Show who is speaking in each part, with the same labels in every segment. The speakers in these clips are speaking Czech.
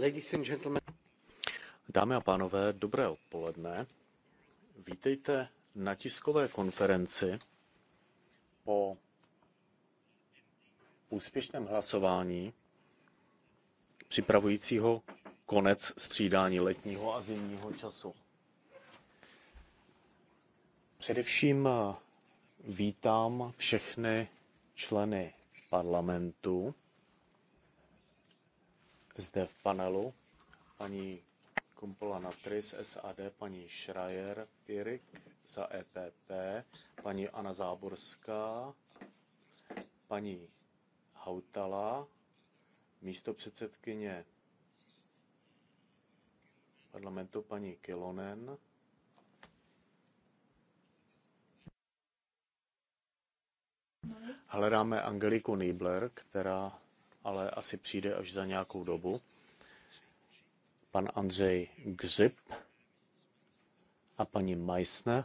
Speaker 1: Ladies and gentlemen. Dámy a pánové, dobré odpoledne. Vítejte na tiskové konferenci po úspěšném hlasování připravujícího konec střídání letního a zimního času. Především eh, vítám všechny členy parlamentu zde v panelu paní Kumpola Natris, SAD, paní Schreier, Pirik za EPP, paní Anna Záborská, paní Hautala, místo předsedkyně parlamentu paní Kilonen, hledáme Angeliku Niebler, která ale asi přijde až za nějakou dobu. Pan Andřej Gřib a paní Majsne.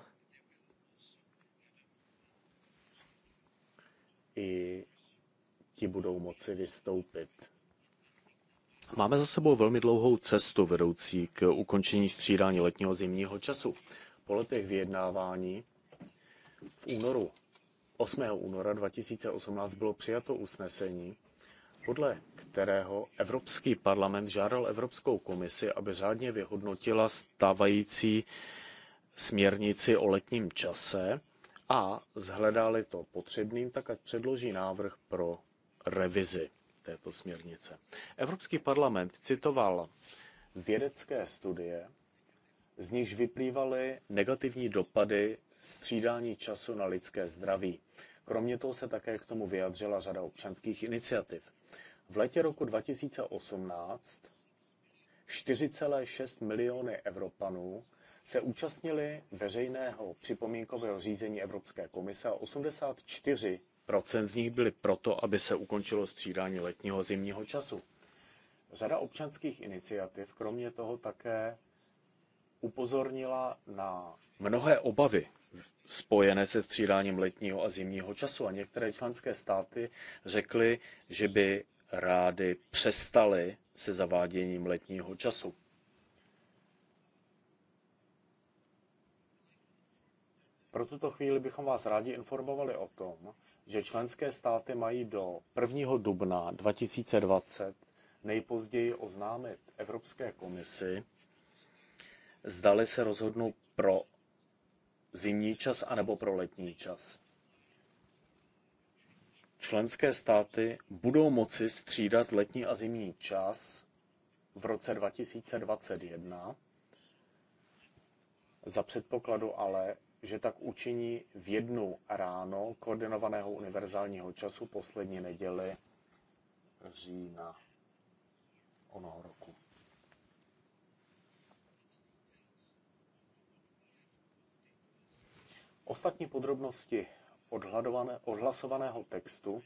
Speaker 1: I ti budou moci vystoupit. Máme za sebou velmi dlouhou cestu vedoucí k ukončení střídání letního zimního času. Po letech vyjednávání v únoru 8. února 2018 bylo přijato usnesení, podle kterého Evropský parlament žádal Evropskou komisi, aby řádně vyhodnotila stávající směrnici o letním čase a zhledá-li to potřebným, tak ať předloží návrh pro revizi této směrnice. Evropský parlament citoval vědecké studie, z nichž vyplývaly negativní dopady střídání času na lidské zdraví. Kromě toho se také k tomu vyjadřila řada občanských iniciativ. V létě roku 2018 4,6 miliony Evropanů se účastnili veřejného připomínkového řízení Evropské komise a 84 z nich byli proto, aby se ukončilo střídání letního a zimního času. Řada občanských iniciativ kromě toho také upozornila na mnohé obavy spojené se střídáním letního a zimního času a některé členské státy řekly, že by rády přestaly se zaváděním letního času. Pro tuto chvíli bychom vás rádi informovali o tom, že členské státy mají do 1. dubna 2020 nejpozději oznámit Evropské komisi, zdali se rozhodnou pro zimní čas anebo pro letní čas. Členské státy budou moci střídat letní a zimní čas v roce 2021 za předpokladu ale, že tak učiní v jednu ráno koordinovaného univerzálního času poslední neděli října onoho roku. Ostatní podrobnosti odhlasovaného textu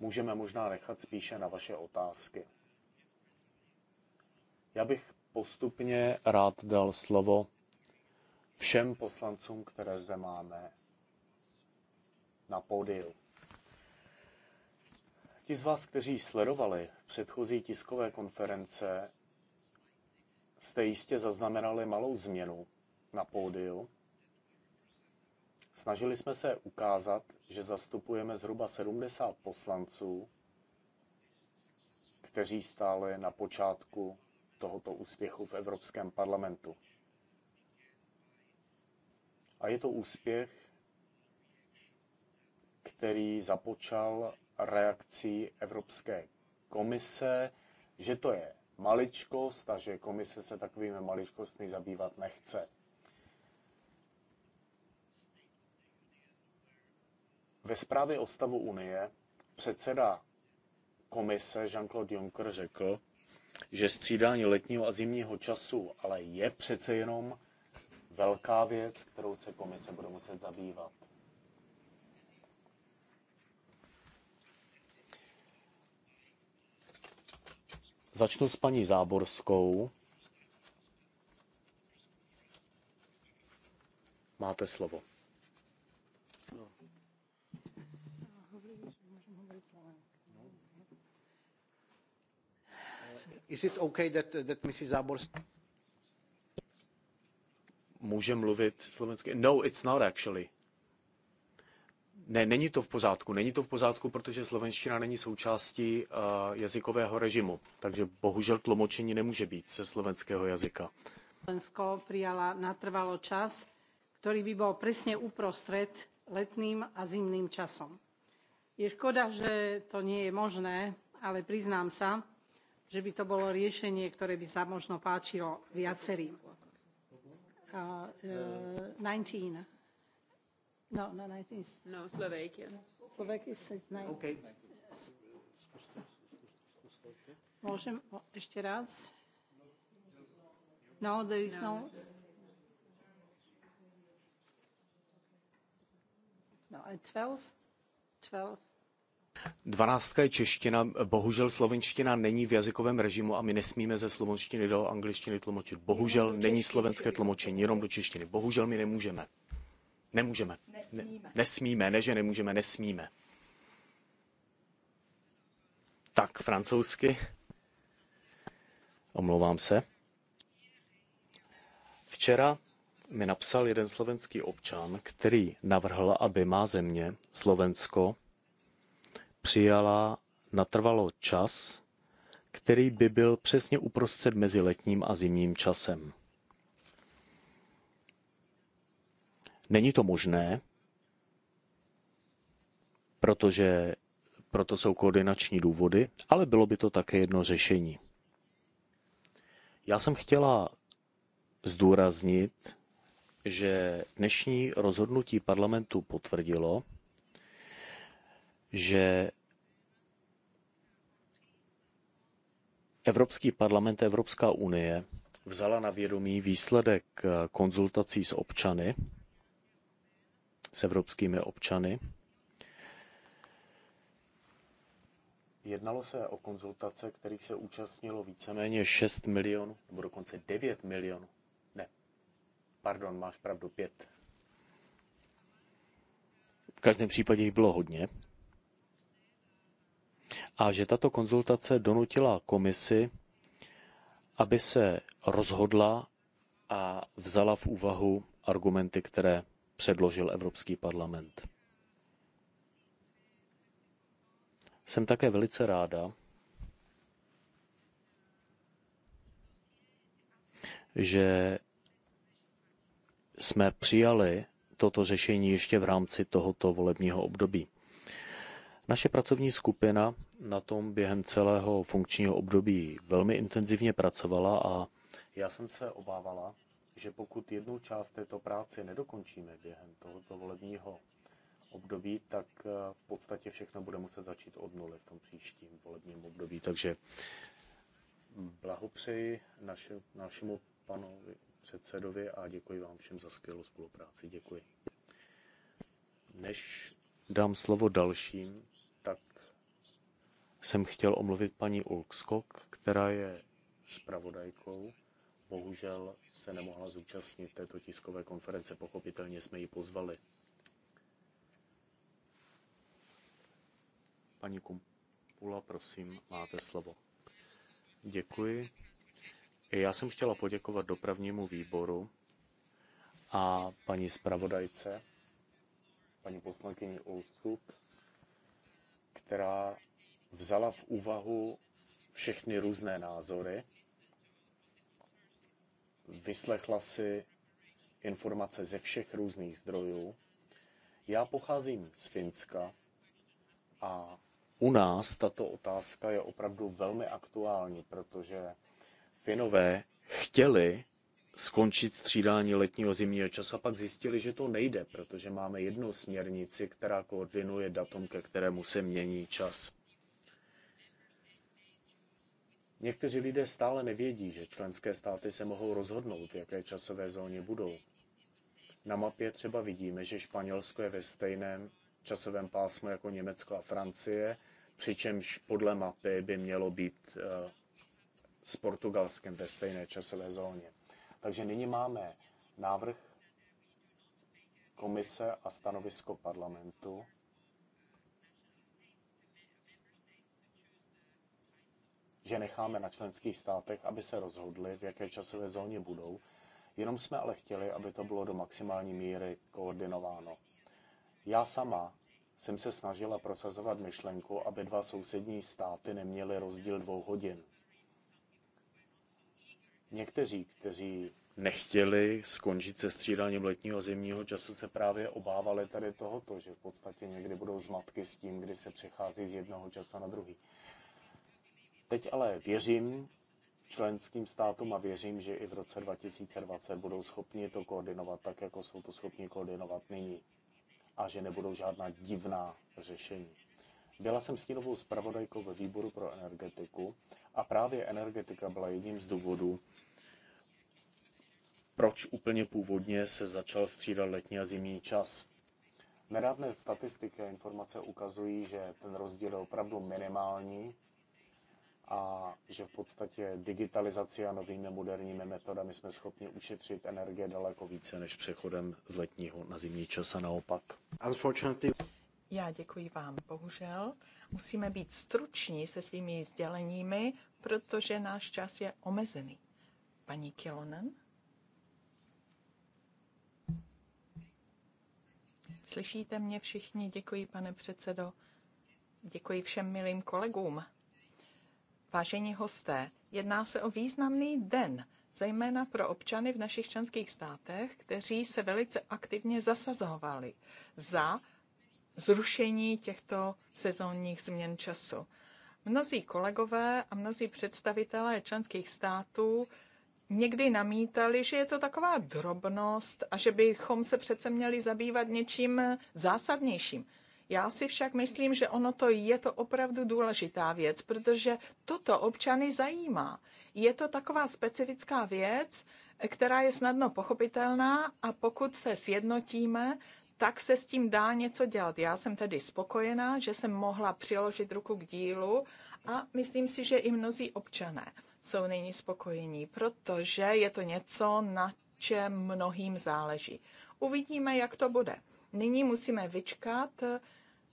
Speaker 1: můžeme možná nechat spíše na vaše otázky. Já bych postupně rád dal slovo všem poslancům, které zde máme na pódiu. Ti z vás, kteří sledovali předchozí tiskové konference, jste jistě zaznamenali malou změnu na pódiu. Snažili jsme se ukázat, že zastupujeme zhruba 70 poslanců, kteří stále na počátku tohoto úspěchu v Evropském parlamentu. A je to úspěch, který započal reakcí Evropské komise, že to je maličkost a že komise se takovými maličkostmi zabývat nechce. Ve zprávě o stavu Unie předseda Komise Jean-Claude Juncker řekl, že střídání letního a zimního času ale je přece jenom velká věc, kterou se komise bude muset zabývat. Začnu s paní Záborskou. Máte slovo. Is it uh, Může mluvit slovensky? No, it's not actually. Ne, není to v pořádku. Není to v pořádku, protože slovenština není součástí uh, jazykového režimu. Takže bohužel tlumočení nemůže být ze slovenského jazyka.
Speaker 2: Slovensko přijala natrvalo čas, který by bol presne uprostred letným a zimným časom. Je škoda, že to nie je možné, ale priznám sa, že by to bolo riešenie, ktoré by sa možno páčilo viacerým. Uh, uh, 19. No, no, 19. No, Slovakia. Slovakia is 19. Okay. Môžem ešte raz? No, there is no. No, and 12? 12.
Speaker 1: Dvanáctka je čeština, bohužel slovenština není v jazykovém režimu a my nesmíme ze slovenštiny do angličtiny tlumočit. Bohužel není slovenské tlumočení, jenom do češtiny. Bohužel my nemůžeme. Nemůžeme. Nesmíme. Ne, nesmíme, ne že nemůžeme, nesmíme. Tak, francouzsky. Omlouvám se. Včera mi napsal jeden slovenský občan, který navrhl, aby má země, Slovensko, přijala natrvalo čas, který by byl přesně uprostřed mezi letním a zimním časem. Není to možné, protože proto jsou koordinační důvody, ale bylo by to také jedno řešení. Já jsem chtěla zdůraznit, že dnešní rozhodnutí parlamentu potvrdilo, že Evropský parlament, Evropská unie vzala na vědomí výsledek eh, konzultací s občany, s evropskými občany. Jednalo se o konzultace, kterých se účastnilo víceméně 6 milionů, nebo dokonce 9 milionů. Ne, pardon, máš pravdu, 5. V každém případě jich bylo hodně a že tato konzultace donutila komisi, aby se rozhodla a vzala v úvahu argumenty, které předložil Evropský parlament. Jsem také velice ráda, že jsme přijali toto řešení ještě v rámci tohoto volebního období. Naše pracovní skupina na tom během celého funkčního období velmi intenzivně pracovala a já jsem se obávala, že pokud jednu část této práce nedokončíme během tohoto volebního období, tak eh, v podstatě všechno bude muset začít od nuly v tom příštím volebním období. Takže blahopřeji naši, našemu panu předsedovi a děkuji vám všem za skvělou spolupráci. Děkuji. Než dám slovo dalším, tak jsem chtěl omluvit paní Ulkskok, která je zpravodajkou. Bohužel se nemohla zúčastnit této tiskové konference, pochopitelně jsme ji pozvali. Paní Kumpula, prosím, máte slovo. Děkuji. Já jsem chtěla poděkovat dopravnímu výboru a paní zpravodajce, paní poslankyni Ulkskok, která vzala v úvahu všechny různé názory, vyslechla si informace ze všech různých zdrojů. Já pocházím z Finska a u nás tato otázka je opravdu velmi aktuální, protože Finové chtěli skončit střídání letního zimního času a pak zjistili, že to nejde, protože máme jednu směrnici, která koordinuje datum, ke kterému se mění čas. Někteří lidé stále nevědí, že členské státy se mohou rozhodnout, v jaké časové zóně budou. Na mapě třeba vidíme, že Španělsko je ve stejném časovém pásmu jako Německo a Francie, přičemž podle mapy by mělo být eh, s Portugalskem ve stejné časové zóně. Takže nyní máme návrh komise a stanovisko parlamentu. že necháme na členských státech, aby se rozhodli, v jaké časové zóně budou. Jenom jsme ale chtěli, aby to bylo do maximální míry koordinováno. Já sama jsem se snažila prosazovat myšlenku, aby dva sousední státy neměly rozdíl dvou hodin. Někteří, kteří nechtěli skončit se střídáním letního a zimního času, se právě obávali tady tohoto, že v podstatě někdy budou zmatky s tím, kdy se přechází z jednoho času na druhý. Teď ale věřím členským státům a věřím, že i v roce 2020 budou schopni to koordinovat tak, jako jsou to schopni koordinovat nyní a že nebudou žádná divná řešení. Byla jsem stínovou zpravodajkou ve výboru pro energetiku a právě energetika byla jedním z důvodů, proč úplně původně se začal střídat letní a zimní čas. Nedávné statistiky a informace ukazují, že ten rozdíl je opravdu minimální a že v podstatě digitalizací a novými moderními metodami jsme schopni ušetřit energie daleko více než přechodem z letního na zimní čas a naopak.
Speaker 2: Já děkuji vám. Bohužel musíme být struční se svými sděleními, protože náš čas je omezený. Paní Kilonen? Slyšíte mě všichni? Děkuji, pane předsedo. Děkuji všem milým kolegům. Vážení hosté, jedná se o významný den, zejména pro občany v našich členských státech, kteří se velice aktivně zasazovali za zrušení těchto sezónních změn času. Mnozí kolegové a mnozí představitelé členských států někdy namítali, že je to taková drobnost a že bychom se přece měli zabývat něčím zásadnějším. Já si však myslím, že ono to je to opravdu důležitá věc, protože toto občany zajímá. Je to taková specifická věc, která je snadno pochopitelná a pokud se sjednotíme, tak se s tím dá něco dělat. Já jsem tedy spokojená, že jsem mohla přiložit ruku k dílu a myslím si, že i mnozí občané jsou nyní spokojení, protože je to něco, na čem mnohým záleží. Uvidíme, jak to bude. Nyní musíme vyčkat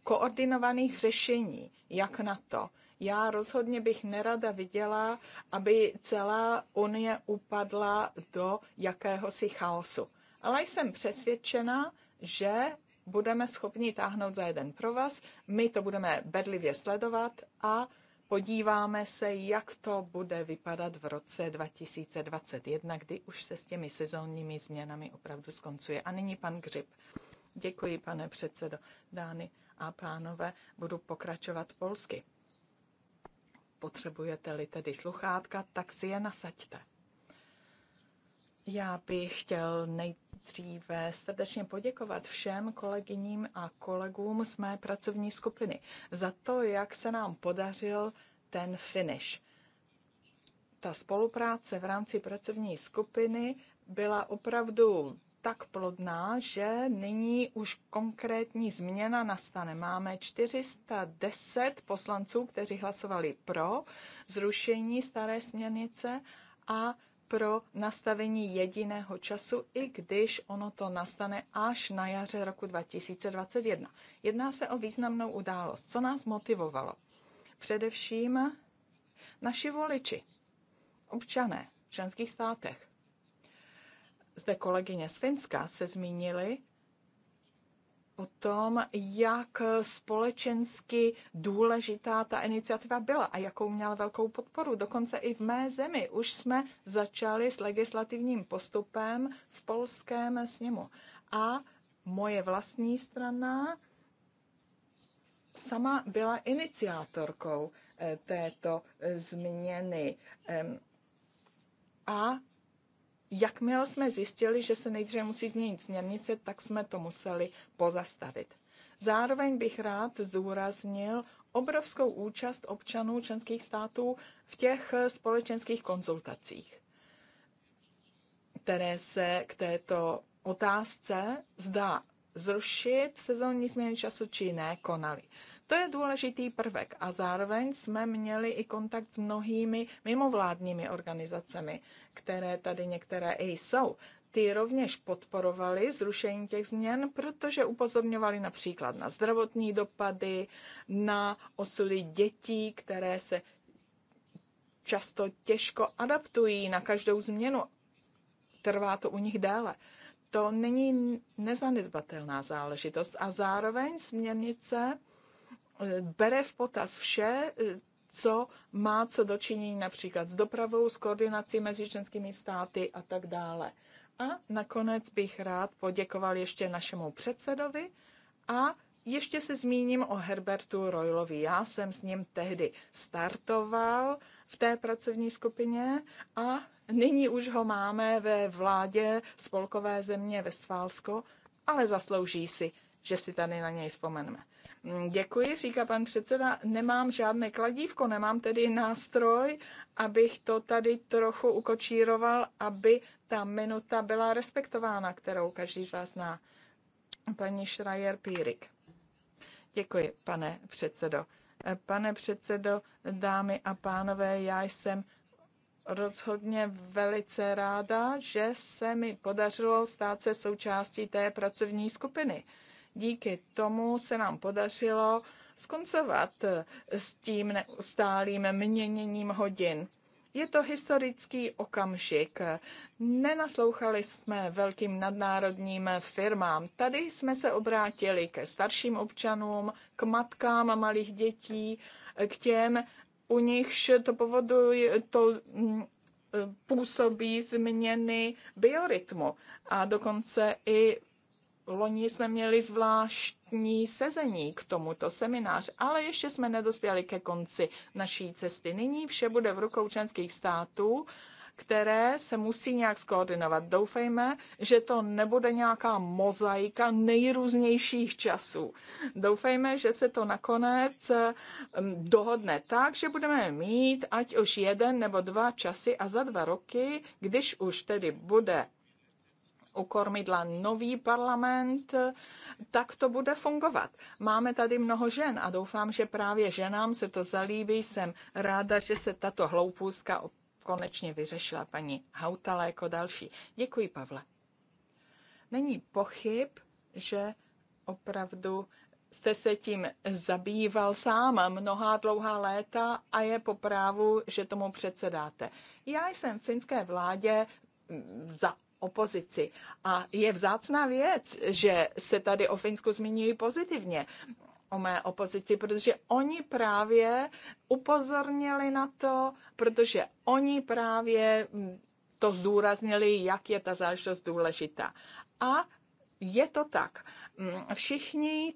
Speaker 2: koordinovaných řešení, jak na to. Já rozhodně bych nerada viděla, aby celá Unie upadla do jakéhosi chaosu. Ale jsem přesvědčena, že budeme schopni táhnout za jeden provaz, my to budeme bedlivě sledovat a podíváme se, jak to bude vypadat v roce 2021, kdy už se s těmi sezónními změnami opravdu skoncuje. A nyní pan Gřib. Děkuji, pane předsedo. Dány a pánové, budu pokračovat polsky. Potřebujete-li tedy sluchátka, tak si je nasaďte. Já bych chtěl nejdříve srdečně poděkovat všem kolegyním a kolegům z mé pracovní skupiny za to, jak se nám podařil ten finish. Ta spolupráce v rámci pracovní skupiny byla opravdu tak plodná, že nyní už konkrétní změna nastane. Máme 410 poslanců, kteří hlasovali pro zrušení staré směrnice a pro nastavení jediného času, i když ono to nastane až na jaře roku 2021. Jedná se o významnou událost. Co nás motivovalo? Především naši voliči, občané v členských státech. Zde kolegyně z Finska se zmínili o tom, jak společensky důležitá ta iniciativa byla a jakou měla velkou podporu. Dokonce i v mé zemi už jsme začali s legislativním postupem v polském sněmu. A moje vlastní strana sama byla iniciátorkou eh, této eh, změny. A jakmile jsme zjistili, že se nejdříve musí změnit směrnice, tak jsme to museli pozastavit. Zároveň bych rád zdůraznil obrovskou účast občanů členských států v těch společenských konzultacích, které se k této otázce, zda zrušit sezónní změny času či ne, konali. To je důležitý prvek a zároveň jsme měli i kontakt s mnohými mimovládními organizacemi, které tady některé i jsou. Ty rovněž podporovali zrušení těch změn, protože upozorňovali například na zdravotní dopady, na osudy dětí, které se často těžko adaptují na každou změnu. Trvá to u nich déle. To není nezanedbatelná záležitost a zároveň směrnice eh, bere v potaz vše, eh, co má co dočinění například s dopravou, s koordinací mezi členskými státy a tak dále. A nakonec bych rád poděkoval ještě našemu předsedovi a ještě se zmíním o Herbertu Royalovi. Já jsem s ním tehdy startoval v té pracovní skupině a Nyní už ho máme ve vládě spolkové země Vestfálsko, ale zaslouží si, že si tady na něj vzpomeneme. Mm, děkuji, říká pan předseda. Nemám žádné kladívko, nemám tedy nástroj, abych to tady trochu ukočíroval, aby ta minuta byla respektována, kterou každý z vás zná. Paní Schreier Pírik. Děkuji, pane předsedo. Pane předsedo, dámy a pánové, já jsem rozhodně velice ráda, že se mi podařilo stát se součástí té pracovní skupiny. Díky tomu se nám podařilo skoncovat s tím neustálým měněním hodin. Je to historický okamžik. Nenaslouchali jsme velkým nadnárodním firmám. Tady jsme se obrátili ke starším občanům, k matkám malých dětí, k těm, u nichž to povoduje, to mm, e, působí změny biorytmu. A dokonce i loni jsme měli zvláštní sezení k tomuto seminář, ale ještě jsme nedospěli ke konci naší cesty. Nyní vše bude v rukou členských států které se musí nějak skoordinovat. Doufejme, že to nebude nějaká mozaika nejrůznějších časů. Doufejme, že se to nakonec mm, dohodne tak, že budeme mít ať už jeden nebo dva časy a za dva roky, když už tedy bude u kormidla nový parlament, tak to bude fungovat. Máme tady mnoho žen a doufám, že právě ženám se to zalíbí. Jsem ráda, že se tato hloupůzka konečně vyřešila paní Hautala jako další. Děkuji, Pavle. Není pochyb, že opravdu jste se tím zabýval sám mnohá dlouhá léta a je po právu, že tomu předsedáte. Já jsem v finské vládě mm, za opozici a je vzácná věc, že se tady o Finsku zmiňují pozitivně o mé opozici, protože oni právě upozornili na to, protože oni právě mm, to zdůraznili, jak je ta záležitost důležitá. A je to tak. Mm, všichni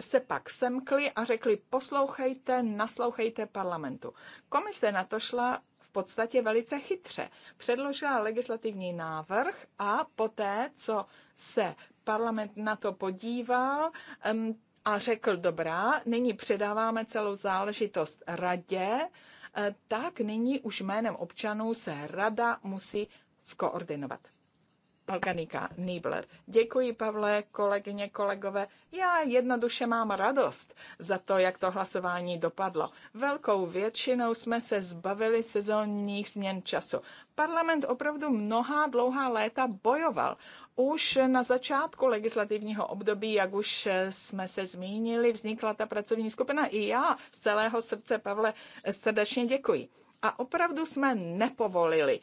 Speaker 2: se pak semkli a řekli, poslouchejte, naslouchejte parlamentu. Komise na to šla v podstatě velice chytře. Předložila legislativní návrh a poté, co se parlament na to podíval, a řekl, dobrá, nyní předáváme celou záležitost radě, eh, tak nyní už jménem občanů se rada musí skoordinovat. Organika Nibler. Děkuji, Pavle, kolegyně, kolegové. Já jednoduše mám radost za to, jak to hlasování dopadlo. Velkou většinou jsme se zbavili sezónních změn času. Parlament opravdu mnoha dlouhá léta bojoval. Už na začátku legislativního období, jak už jsme se zmínili, vznikla ta pracovní skupina i já z celého srdce, Pavle, srdečně děkuji. A opravdu jsme nepovolili,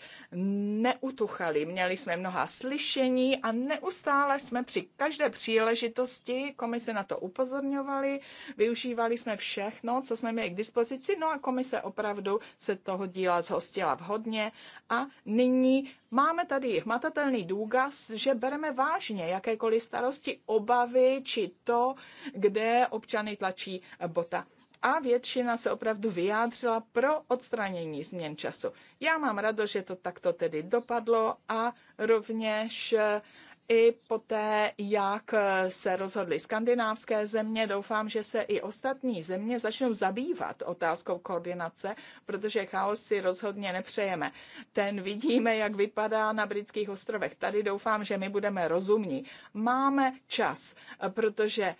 Speaker 2: neutuchali. Měli jsme mnoha slyšení a neustále jsme při každé příležitosti, komise na to upozorňovali, využívali jsme všechno, co jsme měli k dispozici, no a komise opravdu se toho díla zhostila vhodně a nyní Máme tady hmatatelný důkaz, že bereme vážně jakékoliv starosti, obavy či to, kde občany tlačí bota a většina se opravdu vyjádřila pro odstranění změn času. Já mám rado, že to takto tedy dopadlo a rovněž i poté, jak eh, se rozhodly skandinávské země, doufám, že se i ostatní země začnou zabývat otázkou koordinace, protože chaos si rozhodně nepřejeme. Ten vidíme, jak vypadá na britských ostrovech. Tady doufám, že my budeme rozumní. Máme čas, eh, protože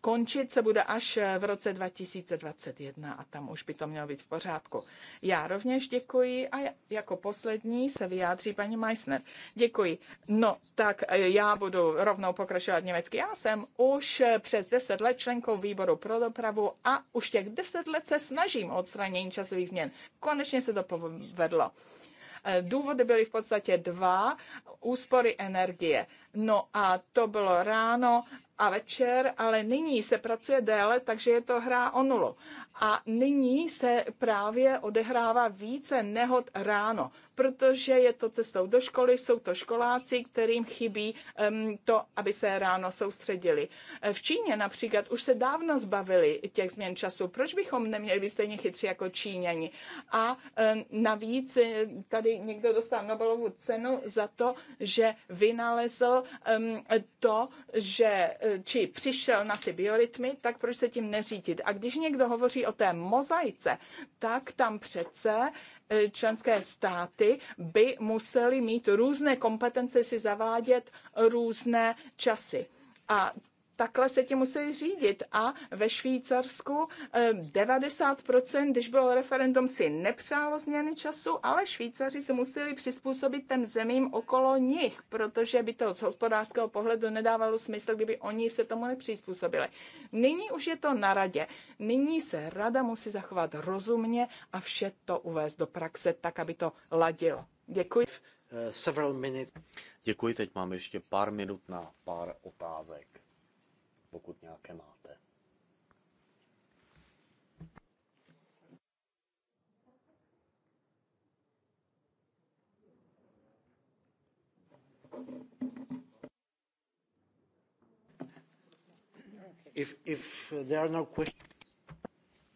Speaker 2: končit se bude až eh, v roce 2021 a tam už by to mělo být v pořádku. Já rovněž děkuji a jako poslední se vyjádří paní Meissner. Děkuji. No, tak já budu rovnou pokračovat německy. Já jsem už přes 10 let členkou výboru pro dopravu a už těch 10 let se snažím o odstranění časových změn. Konečně se to povedlo. E, důvody byly v podstatě dva. Úspory energie. No a to bylo ráno a večer, ale nyní se pracuje déle, takže je to hra o nulu. A nyní se právě odehrává více nehod ráno, protože je to cestou do školy, jsou to školáci, kterým chybí um, to, aby se ráno soustředili. E, v Číně například už se dávno zbavili těch změn času. Proč bychom neměli být stejně chytří jako Číňani? A um, navíc e, tady někdo dostal Nobelovu cenu za to, že vynalezl um, to, že Eh, či přišel na ty biorytmy, tak proč se tím neřídit? A když někdo hovoří o té mozaice, tak tam přece eh, členské státy by musely mít různé kompetence si zavádět různé časy. A takhle se ti museli řídit. A ve Švýcarsku 90%, eh, když bylo referendum, si nepřálo změny času, ale Švýcaři se museli přizpůsobit těm zemím okolo nich, protože by to z hospodářského pohledu nedávalo smysl, kdyby oni se tomu nepřizpůsobili. Nyní už je to na radě. Nyní se rada musí zachovat rozumně a vše to uvést do praxe tak, aby to ladilo. Děkuji.
Speaker 1: Eh, Děkuji, teď mám ještě pár minut na pár otázek pokud nějaké máte. If, if there are no questions...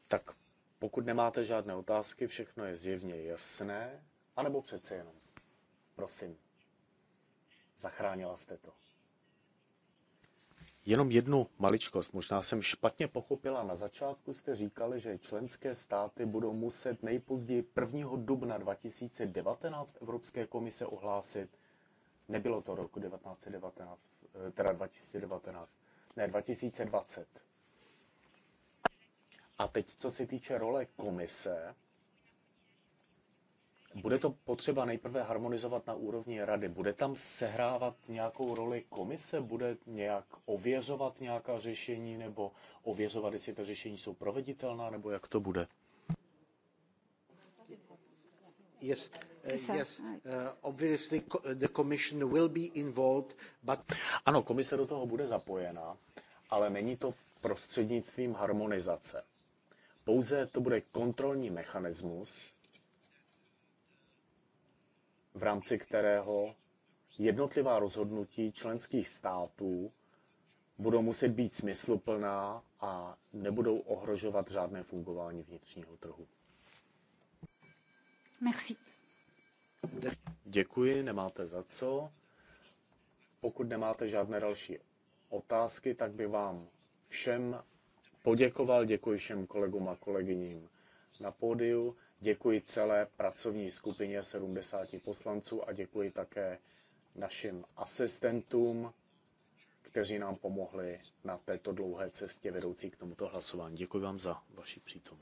Speaker 1: Tak, pokud nemáte žádné otázky, všechno je zjevně jasné, anebo přece jenom. Prosím, zachránila jste to. Jenom jednu maličkost, možná jsem špatně pochopila. Na začátku jste říkali, že členské státy budou muset nejpozději 1. dubna 2019 Evropské komise ohlásit. Nebylo to roku 1919, eh, teda 2019, ne 2020. A teď, co se týče role komise, bude to potřeba nejprve harmonizovat na úrovni rady. Bude tam sehrávat nějakou roli komise? Bude nějak ověřovat nějaká řešení nebo ověřovat, jestli ta řešení jsou proveditelná, nebo jak to bude? Yes, uh, yes, uh, obviously the commission will be involved, but... Ano, komise do toho bude zapojená, ale není to prostřednictvím harmonizace. Pouze to bude kontrolní mechanismus, v rámci kterého jednotlivá rozhodnutí členských států budou muset být smysluplná a nebudou ohrožovat řádné fungování vnitřního trhu. Merci. Děkuji, nemáte za co. Pokud nemáte žádné další otázky, tak by vám všem poděkoval. Děkuji všem kolegům a kolegyním na pódiu. Děkuji celé pracovní skupině 70 poslanců a děkuji také našim asistentům, kteří nám pomohli na této dlouhé cestě vedoucí k tomuto hlasování. Děkuji vám za vaši přítomnost.